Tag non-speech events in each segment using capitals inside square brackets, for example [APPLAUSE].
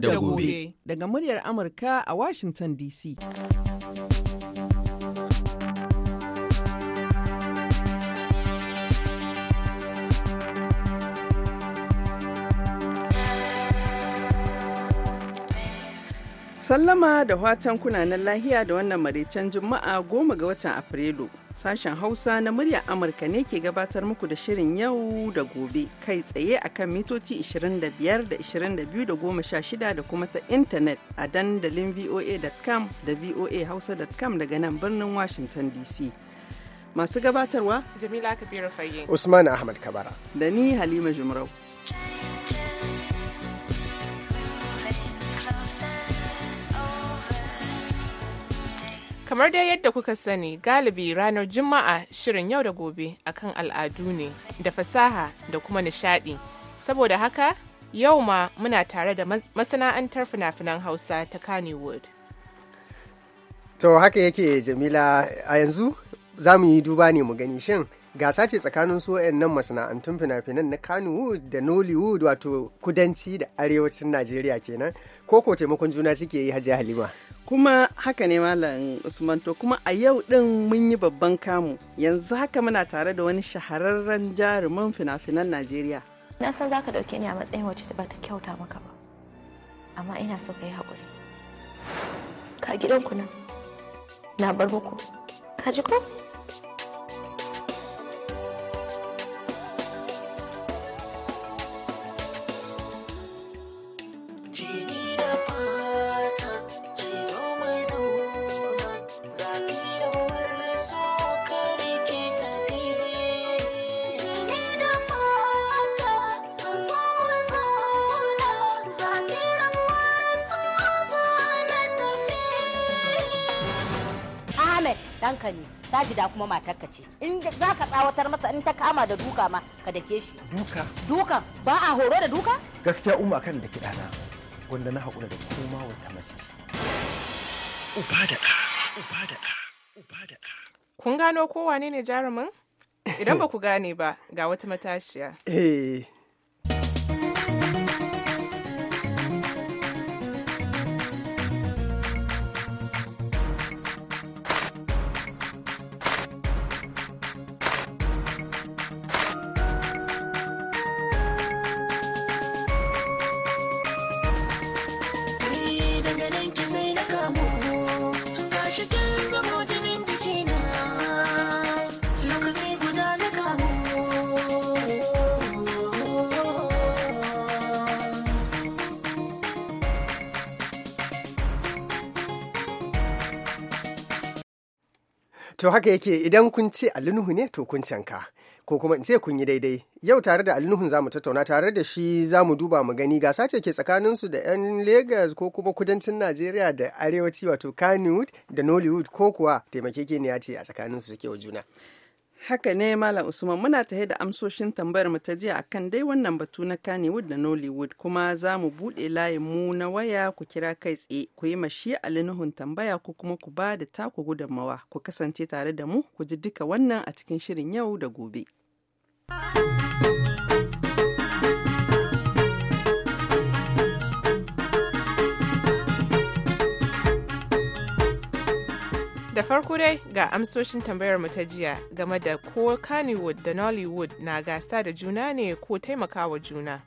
da gobe daga muryar Amurka a Washington DC. Sallama da watan kunanan lahiya da wannan maraicen Juma'a goma ga watan Afrilu. Sashen Hausa na murya Amurka ne ke gabatar muku da shirin yau da gobe kai tsaye akan mitoci 25 da 22 da 16 da kuma ta intanet a dandalin voa.com da voahausa.com daga nan birnin Washington DC. Masu gabatarwa Jamila Kabiru Fayye Usman Ahmad Kabara da ni Halima Jumrau. Kamar dai yadda kuka sani galibi ranar Juma'a shirin yau da gobe a kan al'adu ne da fasaha da kuma nishadi. Saboda haka yau ma muna tare da masana'antar fina-finan Hausa ta Kannywood. To haka yake Jamila a yanzu za mu yi duba ne mu gani shin gasa ce tsakanin su nan masana'antun fina-finan na Kannywood da Nollywood wato kudanci da arewacin Najeriya kenan ko ko taimakon juna suke yi Hajiya Halima kuma haka ne malam Usman to kuma a yau din mun yi babban kamu yanzu haka muna tare da wani shahararren jarumin fina-finan Najeriya na san zaka dauke ni a matsayin wacce ba ta kyauta maka ba amma ina so ka yi haƙuri ka gidanku nan na bar muku ka ji ko danka ne gida kuma matarka ce in za ka tsawatar masa in ta kama da duka ma ka dake shi duka duka ba a horo da duka gaskiya umma kan da na wanda na haƙura da kuma wata mace uba da ɗa uba da ɗa uba da ɗa kun gano kowa ne ne jarumin [LAUGHS] idan ba ku gane ba ga wata matashiya eh To haka yake idan kun ce alinuhu ne to kun canka. Ko kuma in ce kun yi daidai. Yau tare da alinuhun zamu tattauna tare da shi za mu duba mu gani gasa ce ke tsakanin su da 'yan lagos ko kuma kudancin Najeriya da arewaci wato Kannywood da Nollywood ko kuwa taimakekeniya ce a tsakanin su suke wa juna. Haka ne Malam Usman muna tahe da amsoshin tambayar mu ta jiya akan dai wannan batu na Kannywood da Nollywood kuma za mu buɗe layin mu na waya ku kira kai tsaye ku yi mashi alinuhun tambaya ko kuma ku ba da taku gudunmawa ku kasance tare da mu ku ji duka wannan a cikin shirin yau da gobe. Da farko dai ga amsoshin tambayar mu ta jiya game da ko Kannywood da Nollywood na gasa da juna ne ko taimakawa juna.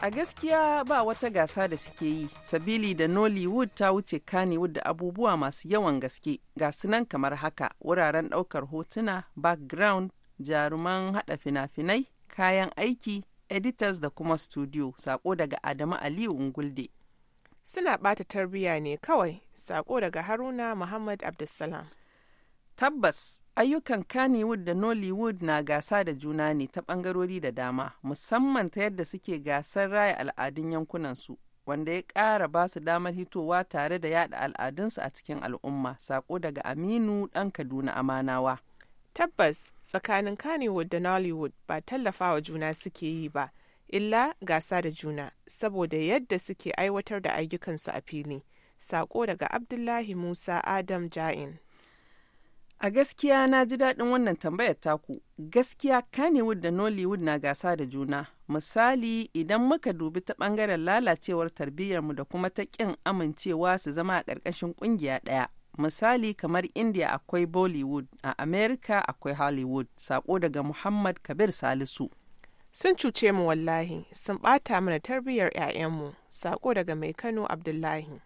A gaskiya ba wata gasa da suke yi, sabili da Nollywood ta wuce Kannywood da abubuwa masu yawan gaske, ga sunan kamar haka wuraren daukar hotuna, background, jaruman haɗa fina-finai, kayan aiki, editors da kuma studio sako daga Adamu Aliyu Ungulde. Suna ɓata tarbiyya ne kawai sako daga Haruna Muhammad Abdulsalam. Tabbas ayyukan Kannywood da Nollywood na gasa da juna ne ta ɓangarori da dama musamman ta yadda suke gasar raya al'adun yankunansu wanda ya ƙara ba su damar hitowa tare da yada al'adunsu a cikin al'umma sako daga Aminu ɗan Kaduna Amanawa. Tabbas tsakanin Kannywood da Nollywood ba tallafawa juna suke yi ba, illa gasa da juna, saboda yadda suke aiwatar da ayyukansu a fili. Sako daga Abdullahi Musa Adam Ja'in. A gaskiya na ji daɗin wannan tambayar taku. Gaskiya Kannywood da Nollywood na gasa da juna. Misali idan muka dubi ta ɓangaren lalacewar tarbiyyarmu da kuma ta ƙin amincewa su zama a ƙarƙashin ƙungiya ɗaya. misali kamar india akwai bollywood a america akwai hollywood sako daga muhammad kabir salisu sun cuce mu wallahi sun bata mana tarbiyyar 'ya'yanmu sako daga mai kano abdullahi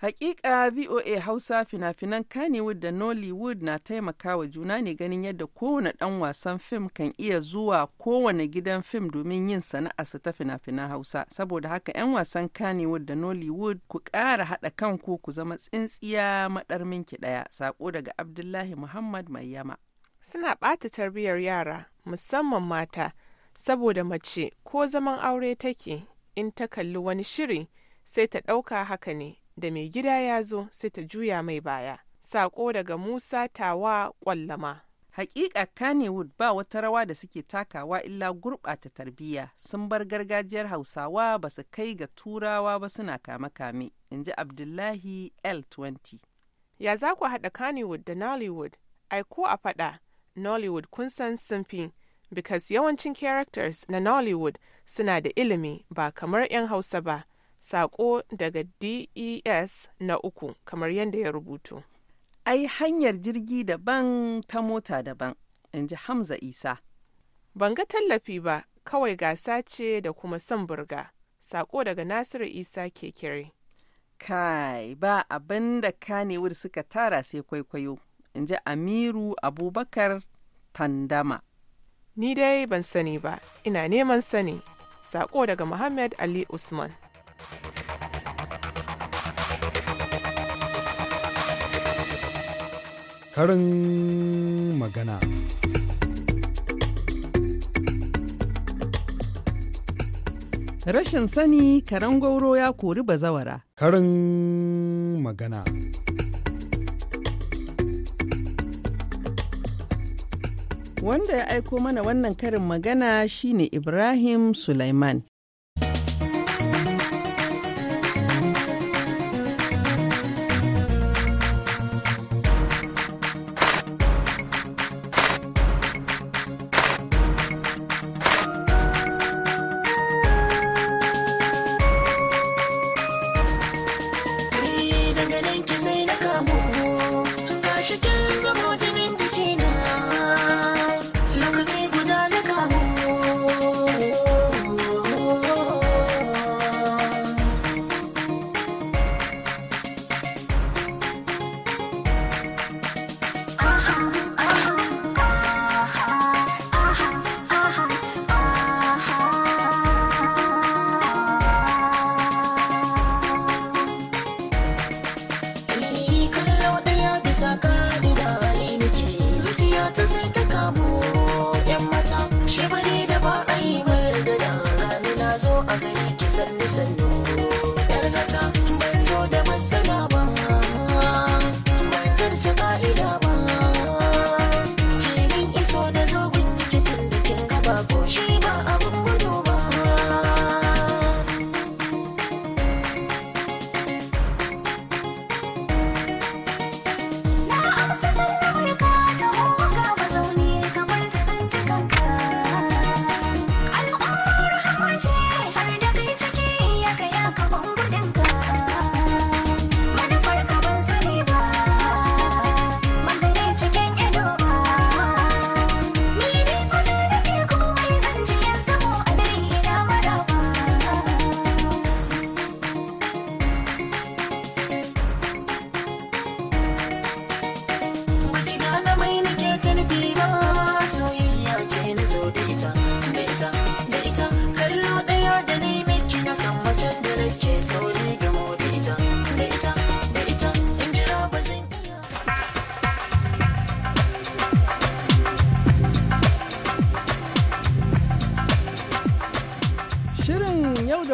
Hakika VOA Hausa fina-finan Kannywood da Nollywood na taimakawa juna ne ganin yadda kowane ɗan wasan fim kan iya zuwa kowane gidan fim domin yin sana'arsa ta fina-finan Hausa. Saboda haka 'yan wasan Kannywood da Nollywood ku ƙara haɗa kanku ku zama tsintsiya maɗarmin minki ɗaya. saƙo daga Abdullahi Muhammad yama. Suna ɓata tarbiyyar yara, musamman mata, saboda mace ko zaman aure take in ta kalli wani shiri sai ta ɗauka haka ne da mai gida ya zo sai ta juya mai baya. Sako daga Musa Tawa Kwallama. Hakika Kannywood ba wata rawa da suke takawa illa gurɓata tarbiyya sun bar gargajiyar Hausawa ba su kai ga Turawa ba suna kame-kame, in ji Abdullahi L20. Ya za ku haɗa Kannywood da Nollywood? Ai ko a faɗa, Nollywood kun san sunfi, because yawancin characters na Nollywood suna da ilimi ba kamar 'yan Hausa ba. Sako daga DES na uku kamar yadda ya rubutu. Ai hanyar jirgi daban ta mota daban, in ji Hamza Isa. Ban ga tallafi ba, kawai gasa ce da kuma son burga. Sako daga Nasiru Isa ke kekere. Kai, ba abin da kanewar suka tara sai kwaikwayo, in ji Amiru Abubakar Tandama. Ni dai ban sani ba, ina neman sani. Sako daga Muhammad Ali Usman. Karin magana. Rashin sani karen gauro ya kori bazawara. Karin magana. Wanda ya aiko mana wannan karin magana shine Ibrahim Sulaiman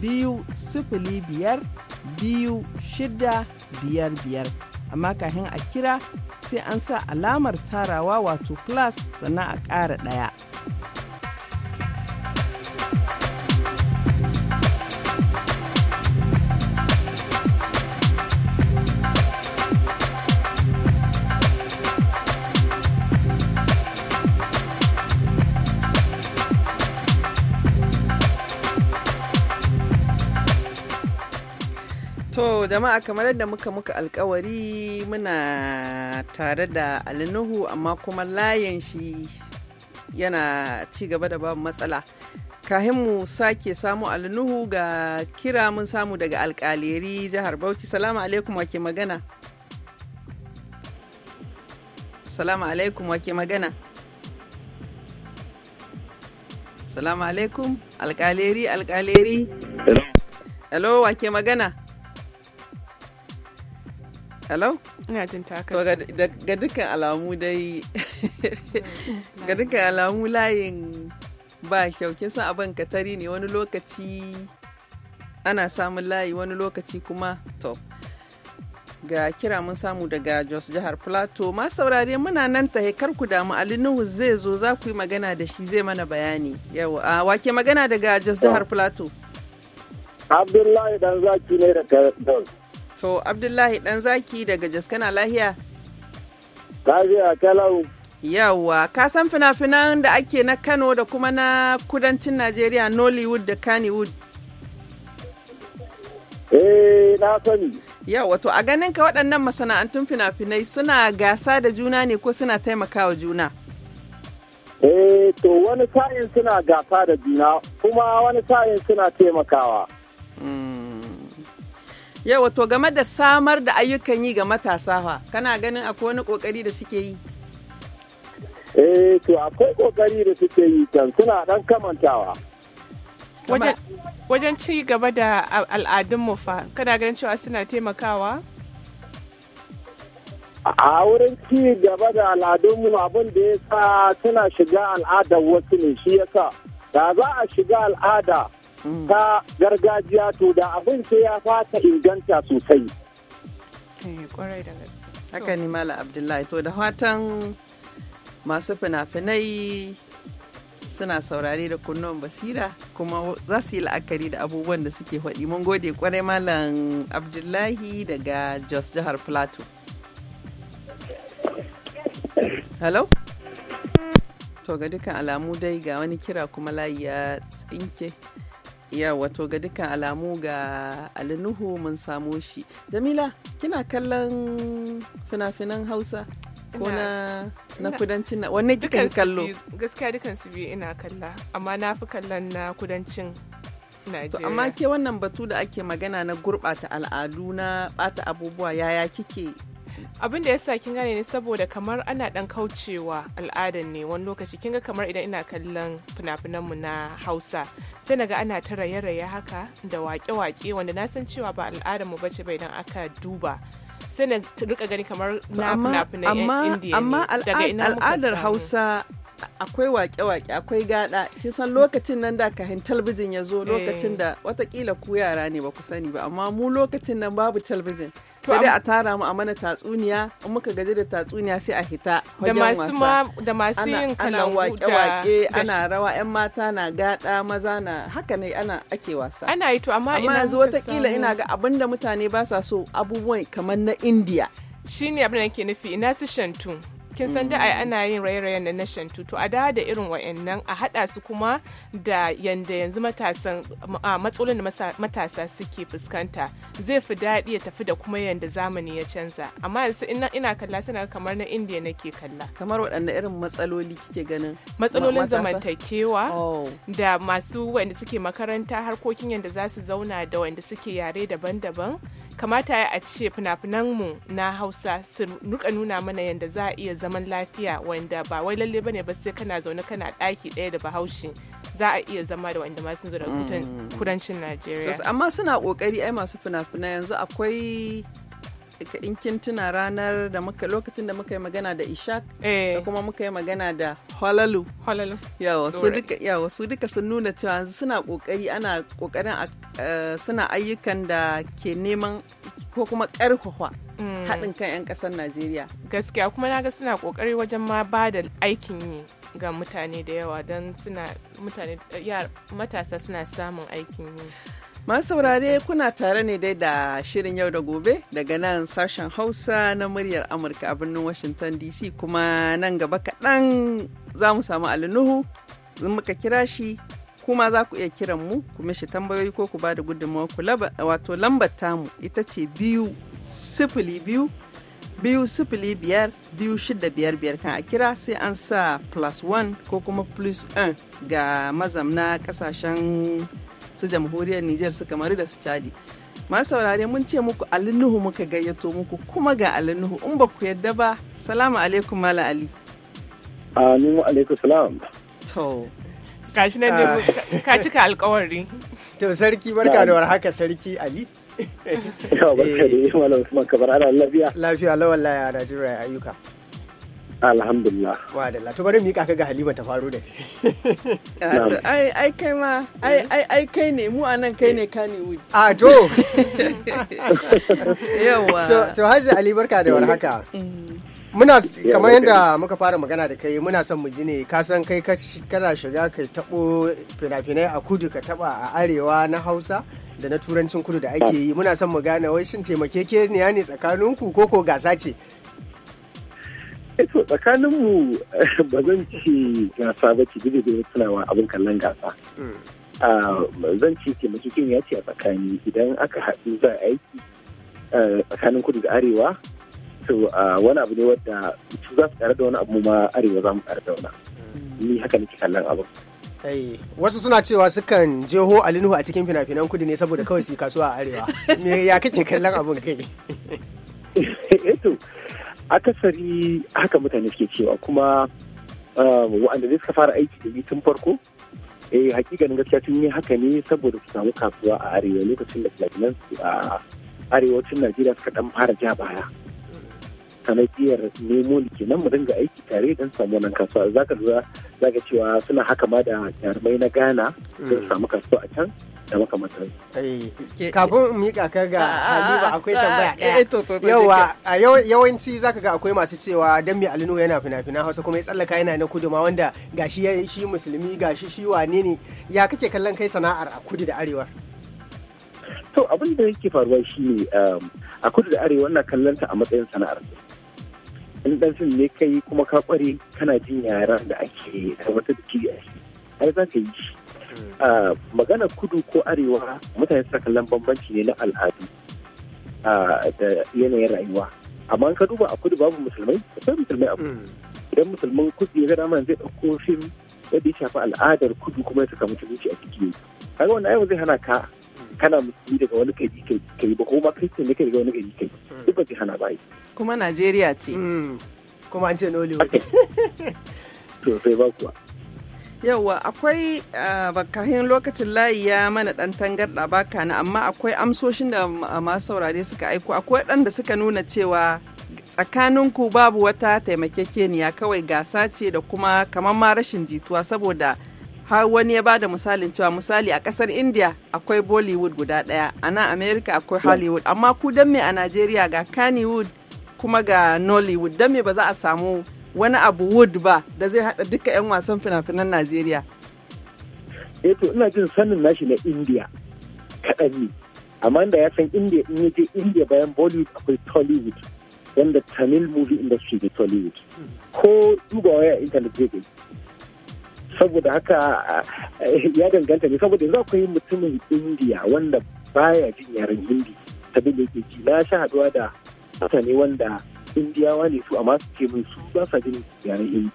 biyu sifili biyar biyu shida biyar biyar amma kafin a kira sai an sa alamar tarawa wato plus sannan a ƙara ɗaya. jama'a kamar yadda muka muka alkawari muna tare da alinuhu amma kuma layin shi yana ci gaba da babu matsala kahin mu sake samu alinuhu ga kira mun samu daga alkaleri jihar bauchi salamu alaikum wake magana salamu alaikum wake magana salamu alaikum alkaleri alkaleri hello wake magana hello ina jin taka to ga dukkan alamu dai [LAUGHS] ga dukkan alamu layin ba kyau kin san abin katari ne wani lokaci ana samun layi wani lokaci kuma to ga kira mun samu daga Jos jihar Plateau ma saurare muna nan ta kar ku damu Ali Nuhu zai zo za ku yi magana da shi zai mana bayani yau a wake magana daga Jos jihar Plateau Abdullahi dan zaki ne daga Jos To Abdullahi ɗan zaki daga Jaskana lahiya. Lahiya kalau. Yawwa, ka san fina-finan da ake na Kano da kuma na kudancin Najeriya Nollywood da Kannywood. Eh, na sani. Yawa to a ganin ka waɗannan masana'antun fina-finai suna gasa da juna ne ko suna taimakawa juna? Eh, to wani sa'in suna gasa da juna, kuma wani sa'in suna taimakawa. Mm. Yau wato game da samar da ayyukan yi ga matasa fa, kana ganin akwai wani kokari da suke yi? Eh to akwai kokari da suke yi kan suna dan kamantawa. Wajen ci gaba da al'adunmu fa, kana ganin cewa suna taimakawa? a wurin ci gaba da al'adunmu abin da ya sa suna shiga al'adar wasu ne shi yasa da za a shiga al'ada ta gargajiya to da abin sai ya fata inganta sosai. Eh, Haka ni Mala Abdullahi to da fatan masu fina-finai suna saurare da kunnuwan basira kuma za su yi la'akari da abubuwan da suke faɗi. Mun gode kwarai Malam Abdullahi daga Jos Jihar Plateau. Hello? To ga dukkan alamu dai ga wani kira kuma layi ya tsinke. ya wato ga dukkan alamu ga alinuhu mun samo shi jamila kina kallon fina-finan hausa ko na na kudancin na wanne kika kallo gaskiya dukkan su biyu ina kalla amma na fi kallon na kudancin To amma ke wannan batu da ake magana na gurɓata al'adu na ɓata abubuwa yaya kike abin da ya sa kin gane ne saboda kamar ana dan kaucewa al'adan ne wani lokaci kinga kamar idan ina kallon fina-finan mu na Hausa sai naga ana ta raye-raye haka da waƙe-waƙe wanda na san cewa ba al'adan mu bace ba idan aka duba sai na rika gani kamar na fina-finan Indiya amma al'adar Hausa akwai wake-wake akwai gada san lokacin nan da kahin talbijin ya zo lokacin eh. da watakila ku yara ne ba ku sani ba amma mu lokacin nan babu talbijin sai dai a tara mu a mana tatsuniya in muka gaji da tatsuniya sai a hita da masu da masu yin kalan wake ana rawa yan mata na gada maza na haka ne ana ake wasa ana yi to amma ina yanzu wataƙila ina ga abinda mutane ba sa so abubuwan kamar na India shine abin da nake nufi ina su shantu kin san da ai ana yin raye-rayen na shan tutu a da da irin wayannan a hada su kuma da yanda yanzu matasan matsalolin da matasa suke fuskanta zai fi daɗi ya tafi da kuma yanda zamani ya canza amma yanzu ina ina kalla suna kamar na indiya nake kalla kamar waɗanne irin matsaloli kike ganin matsalolin zamantakewa oh. da masu wanda suke makaranta harkokin yanda za su zauna da wanda suke yare daban-daban kamata a ce fina mu na hausa su nuka nuna mana yadda za a iya zaman lafiya wanda ba wai lalle bane ba sai kana zaune kana ɗaki ɗaya da bahaushe za a iya zama da wanda masu zo da mm. kudancin najeriya amma suna kokari ai masu fina-finai yanzu akwai in kin ranar da muka lokacin da muka yi magana da Ishak da eh. kuma muka yi magana da Halalu. Yawa su duka sun nuna cewa suna ƙoƙari ana kokarin eh, suna ayyukan da ke neman ko kuma ƙarfafa hmm. haɗin kan 'yan ƙasar Najeriya. Gaskiya kuma ga suna ƙoƙari wajen ma ba da aikin yi ga mutane da yawa don suna mutane matasa suna samun aikin yi. Masu saurare kuna tare ne dai da shirin yau da gobe daga nan sashen Hausa na muryar Amurka a birnin Washington DC kuma nan gaba kaɗan za mu samu alinuhu muka kira shi kuma za ku iya kiran mu ku mishi tambayoyi ko ku ba da gudunmawa ku wato lambar tamu ita ce biyu sifili biyu biyu sifili biyar biyu shida biyar biyar kan a kira sai an sa plus one ko kuma plus 1 ga mazamna kasashen su jamhuriyar Nijar su kamaru da su cadi. Masu saurare mun ce muku alinuhu muka gayyato muku kuma ga alinuhu in ba ku yadda ba salamu alaikum mala ali. Aminu alaikum salam. To. Kashi nan da ah. ka cika alkawari. To sarki barka da war haka sarki Ali. Yawa barka da yi eh. malam kuma kabar ana lafiya. Lafiya lawan laya da jira ayyuka. alhamdulillah wa da to bari ka ga halima ta faru da [LAUGHS] ah, ai ai kai ma ai ai kai ne mu anan kai ne ne wuri. a ah, to [LAUGHS] yawa to hajji ali barka da warhaka mm. muna kamar yadda muka fara magana da kai muna son mu ji ne ka san kai kana shiga kai tabo fina-finai a kudu ka taba a arewa na hausa da na turancin kudu da ake ah. yi muna son mu gane wai shin taimakekeniya ne tsakaninku ko ko gasa ce Eto eh, tsakaninmu eh, ba zan ce gasa ba ce gidi da tunawa abin kallon gasa. Mm. Ah, zan ce taimakon ya ce a tsakani idan aka haɗu za aiki eh, tsakanin kudu da arewa to ah, wani abu ne wadda su za su ƙara da wani abu ma arewa za mu ƙara da wani mm. ni haka nake kallon abin. wasu suna cewa sukan jeho alinuhu a cikin fina-finan kudu ne saboda kawai su kasuwa a arewa [LAUGHS] me ya kake kallon abin kai eto akasari haka mutane suke cewa kuma uh, wa'anda zai suka fara aiki da tun farko eh hakikanin gaskiya tun yi haka ne saboda su samu kasuwa a arewa lokacin da su a arewacin najeriya suka dan fara ja baya sanadiyar nemo nan mu dinga aiki tare don samu wannan kasuwa za ka lura za ka cewa suna haka ma da jarumai na ghana don mm. samu kasuwa a can da makamantar. Eh, kafin in mika ka ga ah, ah, ah, Habiba akwai tambaya eh, ɗaya. Yawa yawanci zaka ga akwai masu cewa dan mai alinu yana fina-finan Hausa kuma ya tsallaka yana na kudu ma wanda gashi shi musulmi gashi shi wane ne ya kake kallon kai sana'ar a kudu da arewa. To abin da yake faruwa shi ne um, a kudu da arewa na kallon ta a matsayin sana'ar. In ɗan fim ne kai kuma ka kware kana jin yaran da ake tabbatar da kiri a shi. Har za ka yi shi. magana kudu ko arewa mutane suna kallon bambanci ne na al'adu da yanayin rayuwa amma ka duba a kudu babu musulmai akwai musulmai abu hmm. idan musulman kudu ya gada mana zai ɗauko fim yadda ya shafi al'adar kudu kuma ya saka musulunci a ciki kaga wannan ayyuka zai hana ka kana musulmi daga wani kai kai ba kuma kristiyan ne kai daga wani kai kai hmm. duk ba zai hana ba kuma najeriya ce hmm. kuma an ce nollywood [LAUGHS] to sai ba kuwa Yauwa akwai bakahin lokacin layi ya mana dan tangarda baka na amma akwai amsoshin da masu saurare suka aiko akwai dan da suka nuna cewa tsakaninku babu wata taimakekeniya kawai gasa ce da kuma kamar ma rashin jituwa saboda har wani ya ba da misalin cewa misali a kasar india akwai bollywood guda daya a nan america akwai hollywood amma ku dan me a nigeria ga kannywood kuma ga nollywood dan me ba za a samu wani abu wood ba da zai hada duka 'yan wasan fina-finan Najeriya. Eh to ina jin sanin nashi na India kaɗan ne. Amma da ya san India in je India bayan Bollywood akwai Tollywood wanda Tamil movie industry ne Tollywood. Ko duba waya intanet zai gani. Saboda haka eh, ya danganta ne saboda yanzu akwai mutumin India wanda baya jin yaren Hindi. da yake ji na sha haɗuwa da mutane wanda indiyawa ne su amma su ce mai su ba sa jin yaren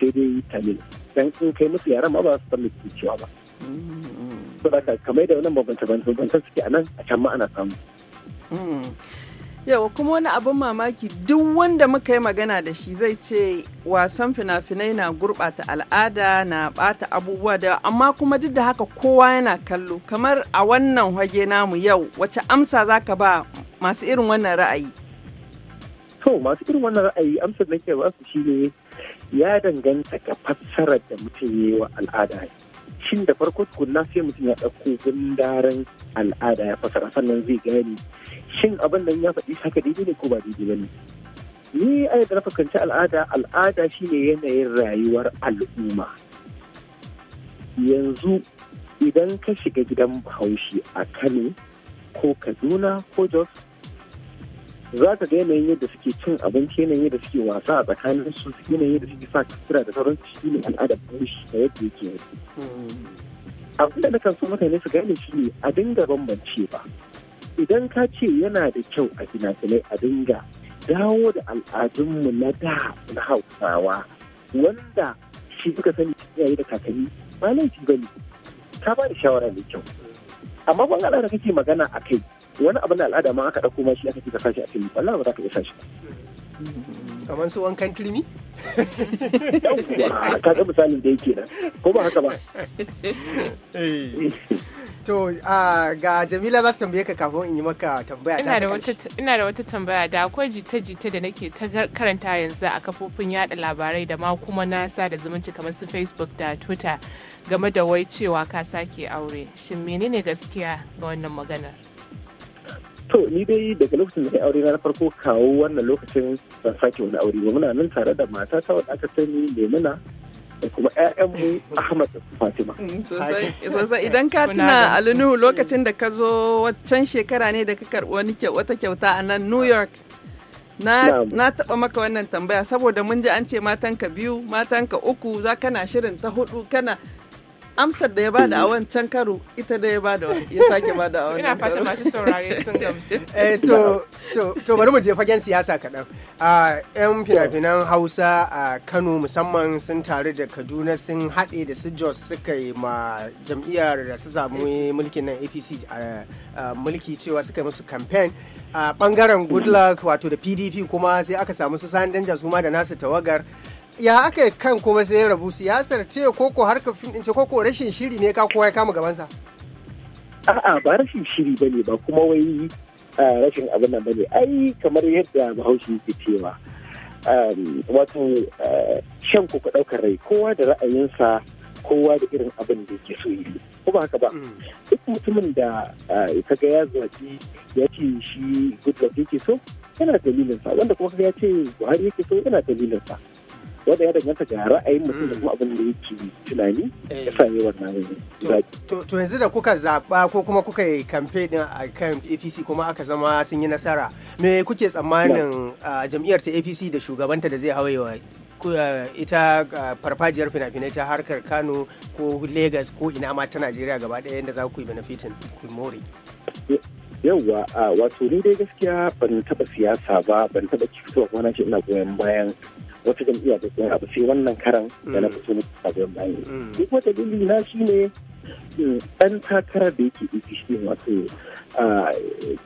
hindi sai dai tamil dan in kai musu yaren ma ba su san mai cewa ba mm-hmm. saboda kamar da wannan babban babbanta suke a nan a can ma ana samu mm-hmm. yau kuma wani abin mamaki duk wanda muka yi magana da shi zai ce wasan fina-finai na gurɓata al'ada na ɓata abubuwa da amma kuma duk da haka kowa yana kallo kamar a wannan hage namu yau wace amsa zaka ba masu irin wannan ra'ayi To masu irin wannan ra'ayi amsar nake ba su shi ya danganta ga fassarar da mutum ya wa al'ada. Shin da farko tukunna sai mutum ya ɗauko gundaren al'ada ya fassara sannan zai gane shin abin nan ya faɗi haka daidai ne ko ba daidai ba ne. Ni a yadda na fakanci al'ada al'ada shine yanayin rayuwar al'umma. Yanzu idan ka shiga gidan bahaushe a Kano ko Kaduna ko Jos za ka ga yanayin yadda suke cin abinci yanayin yadda suke wasa a tsakanin su yanayin yadda suke sa kira da sauran shi ne al'adar shi da yadda yake yake abin da nakan so mutane su gane shi ne a dinga bambance ba idan ka ce yana da kyau a finafinai a dinga dawo da al'adunmu na da na hausawa wanda shi suka sani iyaye da kakanni ba laifi ba ne ka ba da shawara mai kyau amma bangaren da kake magana a kai wani abin da al'ada ma aka ɗauko ma shi aka ce ka sashi a filmi wallahi ba za ka iya sashi kamar su wankan turmi? ka ga misalin da yake nan ko ba haka ba eh. to ga jamila za ta tambaye ka kafin in yi maka tambaya ta ina da wata tambaya da akwai jita-jita da nake ta karanta yanzu a kafofin yada labarai da ma kuma na sada zumunci kamar su facebook da twitter game da wai cewa ka sake aure shin menene gaskiya ga wannan maganar to ni dai daga lokacin da aure na farko kawo wannan lokacin ban sake wani aure ba muna nan tare da mata ta wadda aka sani lemuna da kuma ƴaƴanmu Ahmad da Fatima. Mm, sosai idan ka tuna Alinuhu lokacin da ka zo waccan shekara ne da ka karɓi wata kyauta a nan New York. Na, na taɓa maka wannan tambaya saboda mun ji an ce matanka biyu matanka uku za kana shirin ta hudu kana amsar da ya bada a wancan karo ita da ya bada ya sake bada a wannan karo. Ina fata masu saurare sun gamsu. [LAUGHS] Eh, to to to bari mu je fagen siyasa kaɗan. A yan fina-finan Hausa a Kano musamman sun taru da Kaduna sun haɗe da su Jos suka yi ma jam'iyyar da su samu mulkin nan APC mulki cewa suka yi musu campaign a bangaren Goodluck wato da PDP kuma sai aka samu su sandan Danja da nasu tawagar ya aka kan kuma sai ya rabu siyasar ce koko harkar fim ce koko rashin shiri ne ka kowa ya kama gabansa a'a ba rashin shiri bane ba kuma wai rashin abin nan bane ai kamar yadda bahaushe yake cewa wato shan kuka ɗaukar rai kowa da ra'ayinsa kowa da irin abin da yake so yi kuma haka ba mm. duk mutumin da ga ya zaɓi ya ce shi goodluck yake so yana dalilinsa wanda kuma ya ce buhari yake so yana dalilinsa wanda ya danganta ga ra'ayin mutum da hmm. kuma abin da yake tunani eh. ya sami wannan To yanzu da kuka zaɓa ko kuma kuka yi kamfe din a kan APC kuma aka zama sun yi nasara me kuke tsammanin jam'iyyar ta APC da shugabanta da zai hau hawaye ita farfajiyar fina-finai ta harkar Kano ko Lagos ko ina ma ta Najeriya gaba daya? yadda za ku yi benefitin ku more. yauwa wato ni dai gaskiya ban taba siyasa ba ban taba fitowa kuma na ina goyon bayan wata jam'iyya da sun abu sai wannan karan da na mm. fito mutu a goyon bayan mm. duk wata dalili na shi ne mm, ɗan takarar da yake ɗiki shi wato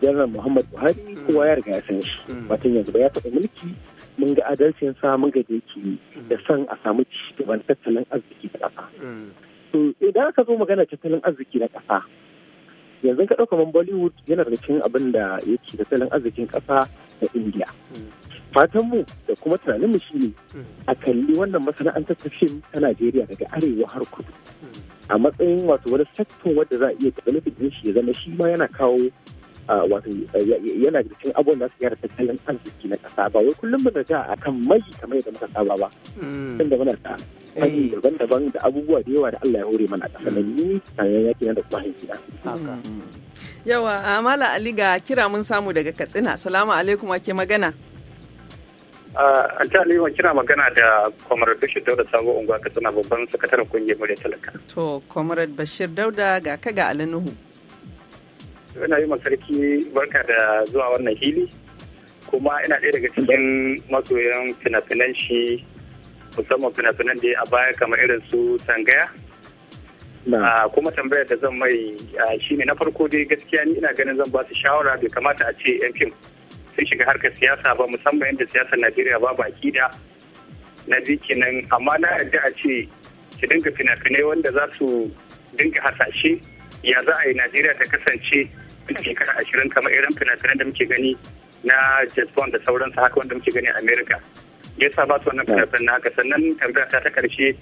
janar muhammad buhari kowa ya riga ya san shi wato yanzu ba ya taɓa mulki mun ga adalcin sa mun ga da da son a samu ci tattalin arziki da ƙasa to idan aka zo magana tattalin arziki na ƙasa yanzu ka ɗauka man bollywood yana da cikin abin da yake tattalin arzikin ƙasa da indiya fatanmu da kuma tunanin mu shine hmm. a kalli wannan masana'antar ta fim ta najeriya daga arewa har kudu a matsayin wato wani sektor wanda za a iya development din shi ya zama shi ma yana kawo wato yana da cikin abubuwan da su yara tattalin arziki na ƙasa ba wai kullum ba da a kan mai kamar yadda muka saba ba hmm. tunda muna da fanni eh. daban-daban da abubuwa da yawa da Allah ya hore mana a ƙasa ni tsayen yaki na da kuma hankina. Hmm. Yawa Amala Ali ga kira mun samu daga Katsina. Salamu alaikum ake magana. a jali wa kina magana da comrade bashir dauda sabo unguwa ka tana babban sakataren kungiyar murya talaka to comrade bashir dauda ga ka ga alinuhu ina yi sarki barka da zuwa wannan hili kuma ina ɗaya daga cikin masoyan fina-finan shi musamman fina da a baya kamar irin su tangaya kuma tambayar da zan mai shi ne na farko dai gaskiya ni ina ganin zan ba su shawara bai kamata a ce yan fim sun shiga harkar siyasa ba musamman yadda siyasar najeriya ba baki da na ji kenan amma na yarda a ce ki dinga fina-finai wanda za su dinga hasashe ya za a yi najeriya ta kasance a shekara ashirin kamar irin fina finai da muke gani na japan da sauransu haka wanda muke gani a america ya sa ba su wannan fina finai na haka sannan tambaya ta ta karshe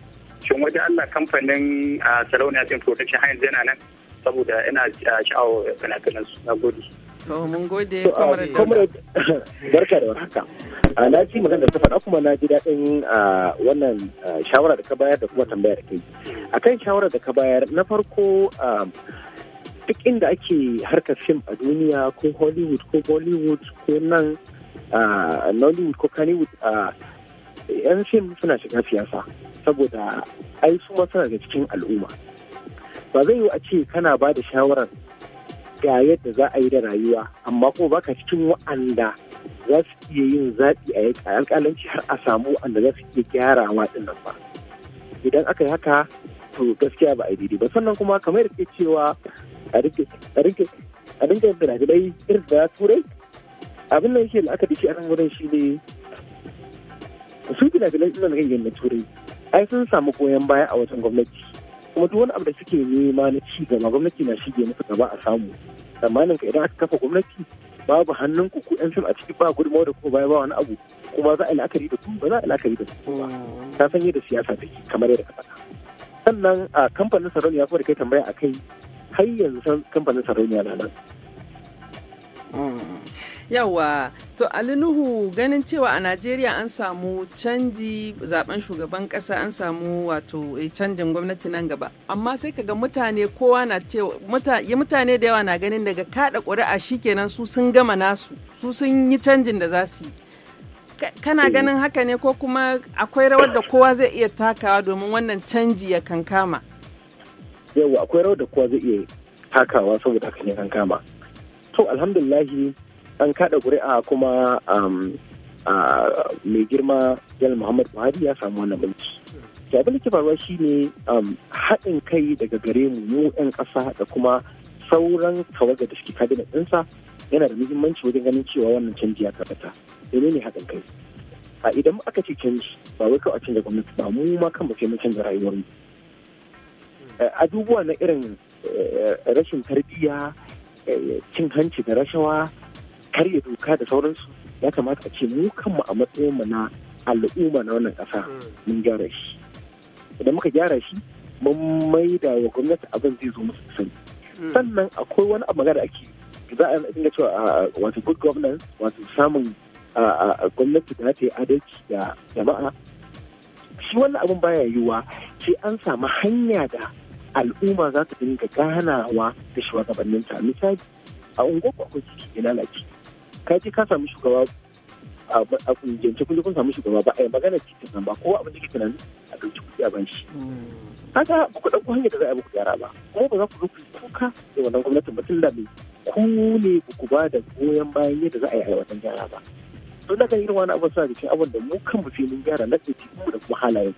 shin waje allah kamfanin ah, sarauniya ta production hanyar yana nan saboda ina ah, sha'awar fina-finansu na gode. mun gode ah, da [LAUGHS] barka da warhaka. Ah, na ji magana da ta faɗa kuma na ji daɗin ah, wannan shawara da ka bayar da kuma tambaya da kai. Akan shawara da ka bayar na farko duk inda ake harkar fim a duniya ko Hollywood ko Bollywood ko nan Nollywood ko Kannywood yan fim suna shiga siyasa saboda ai su suna da cikin al'umma. Ba zai yiwu a ce kana ba da shawarar ga yadda za a yi da rayuwa amma kuma baka cikin wa'anda za su iya yin zaɓi a alƙalanci har a samu wa'anda za su iya gyara gyarawa ɗinnan ba idan aka yi haka to gaskiya ba a yi daidai ba sannan kuma kamar yadda ke cewa a rinke da rajilai irin da turai abin da yake la'akari shi a nan wurin shi ne su gina filan ganyen na turai ai sun samu goyon baya a wajen gwamnati kuma duk wani abu da suke nema na ci gaba gwamnati na shige musu gaba a samu tsammanin ka idan aka kafa gwamnati babu hannun ku yan sun a ciki ba gudunmawa da kuma bayan ba wani abu kuma za a yi la'akari da ku ba za a yi la'akari da ku ta mm. san da siyasa ke kamar yadda ka sannan a kamfanin sarauniya kuma da kai tambaya a kai har yanzu kamfanin sarauniya na nan mm. Yawa, to Nuhu ganin cewa a Najeriya an samu canji zaben shugaban kasa an samu wato eh, canjin gwamnati nan gaba. Amma sai kaga mutane kowa na cewa mutane da yawa na ganin daga kada ƙuri'a shikenan su sun gama nasu, su sun yi canjin da za su yi. Kana eh. ganin haka ne ko kuma akwai rawar da kowa zai iya takawa domin wannan canji ya kankama? Yawa akwai rawar da kowa zai iya takawa saboda kan ya kankama. To alhamdulillahi an kada kuri'a kuma um, mai girma jal muhammad buhari ya samu wannan mulki to abin da ke shi shine um, haɗin kai daga gare mu mu 'yan ƙasa da kuma sauran kawaga da suke kabinet ɗinsa yana da muhimmanci wajen ganin cewa wannan canji ya tabbata dole ne haɗin kai a idan aka ce canji ba wai kawai a canza gwamnati ba mu ma kan mace mu canza rayuwar mu eh, abubuwa na irin eh, rashin tarbiyya eh, cin hanci da rashawa Har ya doka da sauransu ya kamata a ce mu kanmu a matsayinmu na al'umma na wannan ƙasa mun gyara shi idan muka gyara shi mun maida wa gwamnati abin zai zo musu sani hmm. sannan akwai wani abu magana ake za a dinga cewa wato good governance wato samun gwamnati da ta yi adalci da jama'a shi wannan abin baya yiwuwa ce an samu hanya da al'umma za ta dinga ganawa da shugabanninta misali a unguwa akwai ciki ya lalace ka ji ka samu shugaba a kungiyance kun kun samu shugaba ba a eh, yi magana cikin nan ba ko abin da ke tunanin a kan cikin a banshi. Mm. Kaga ba ku ɗauko hanyar da za a yi ku gyara ba kuma ba za ku zo kuka da wannan gwamnatin ba tun da me ku ne ku ba da goyon bayan yadda za a yi a aiwatar gyara ba. Don da kan irin wani abu sa jikin abin da mu kan mu fi mun gyara na cikin mu da kuma halayen.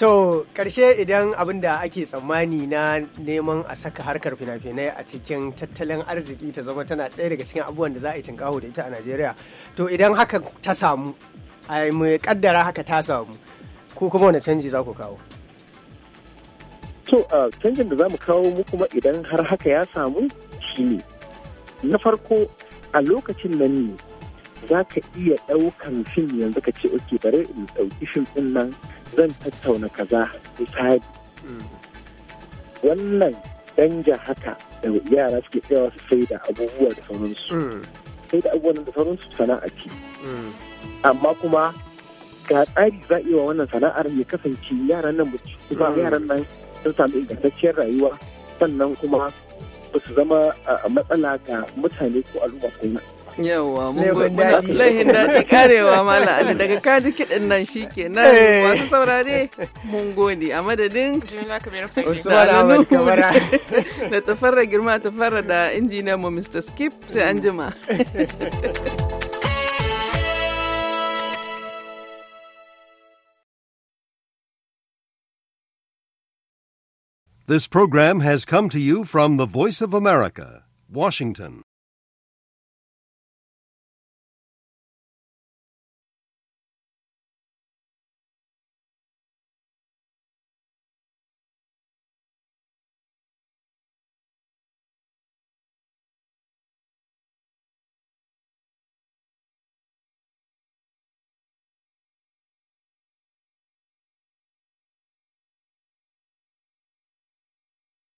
To ƙarshe idan abin da ake tsammani na neman a saka harkar fina-finai a cikin tattalin arziki ta zama tana ɗaya daga cikin abubuwan da za a yi tunkaho da ita a Najeriya. To idan haka ta samu, a mai ƙaddara haka ta samu, ko kuma wani canji za ku kawo? To canjin da za mu kawo mu kuma idan har haka ya samu shi ne. Na farko a lokacin nan ne za ka iya ɗaukan fim yanzu ka ce oke bare in ɗauki fim ɗin nan zan tattauna kaza misali wannan danja haka da yara suke tsayawa su sai da abubuwa da sauransu sai da abubuwan da sauransu sana'a ce amma kuma ga tsari za iya wannan sana'ar ya kasance yaran nan ba yaran nan sun samu ingantacciyar rayuwa sannan kuma ba su zama ah, matsala ga mutane ko al'umma ko yawa mun lahin daɗi karewa mala ali daga kaji kiɗin nan shi ke nan eh. masu saurare mun gode a madadin usman kamara [LAUGHS] da tafarra girma tafarra da injiniyan mu mr skip sai an jima [LAUGHS] This program has come to you from the Voice of America, Washington.